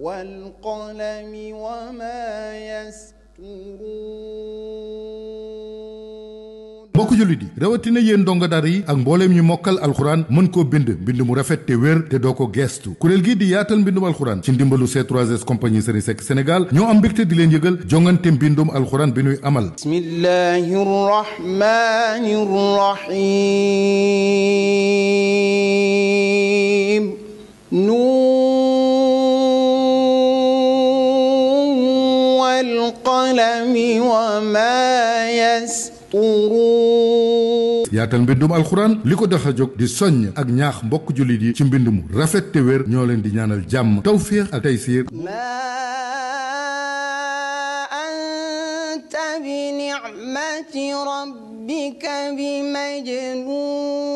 والقلم وما يسطرون mbokk jullit yi rawatina yéen ndongo daara yi ak mbooleem ñu mokkal alxuraan mën koo bind mbind mu rafet te wér te doo ko geestu kuréel gii di yaatal mbindum alxuraan ci ndimbalu C3S compagnie Serigne Seck Sénégal ñoo am mbégte di leen yëgal jongante mbindum alxuraan bi nuy amal bismillahi rahmani rahim نور والقلم وما يسطرون yaatal mbindum alxuraan li ko dax a jóg di soññ ak ñaax mbokk jullit yi ci mbind mu rafet te wér ñoo leen di ñaanal jàmm tawfiix ak taysiir anta bi ni'mati rabbika bi majnuun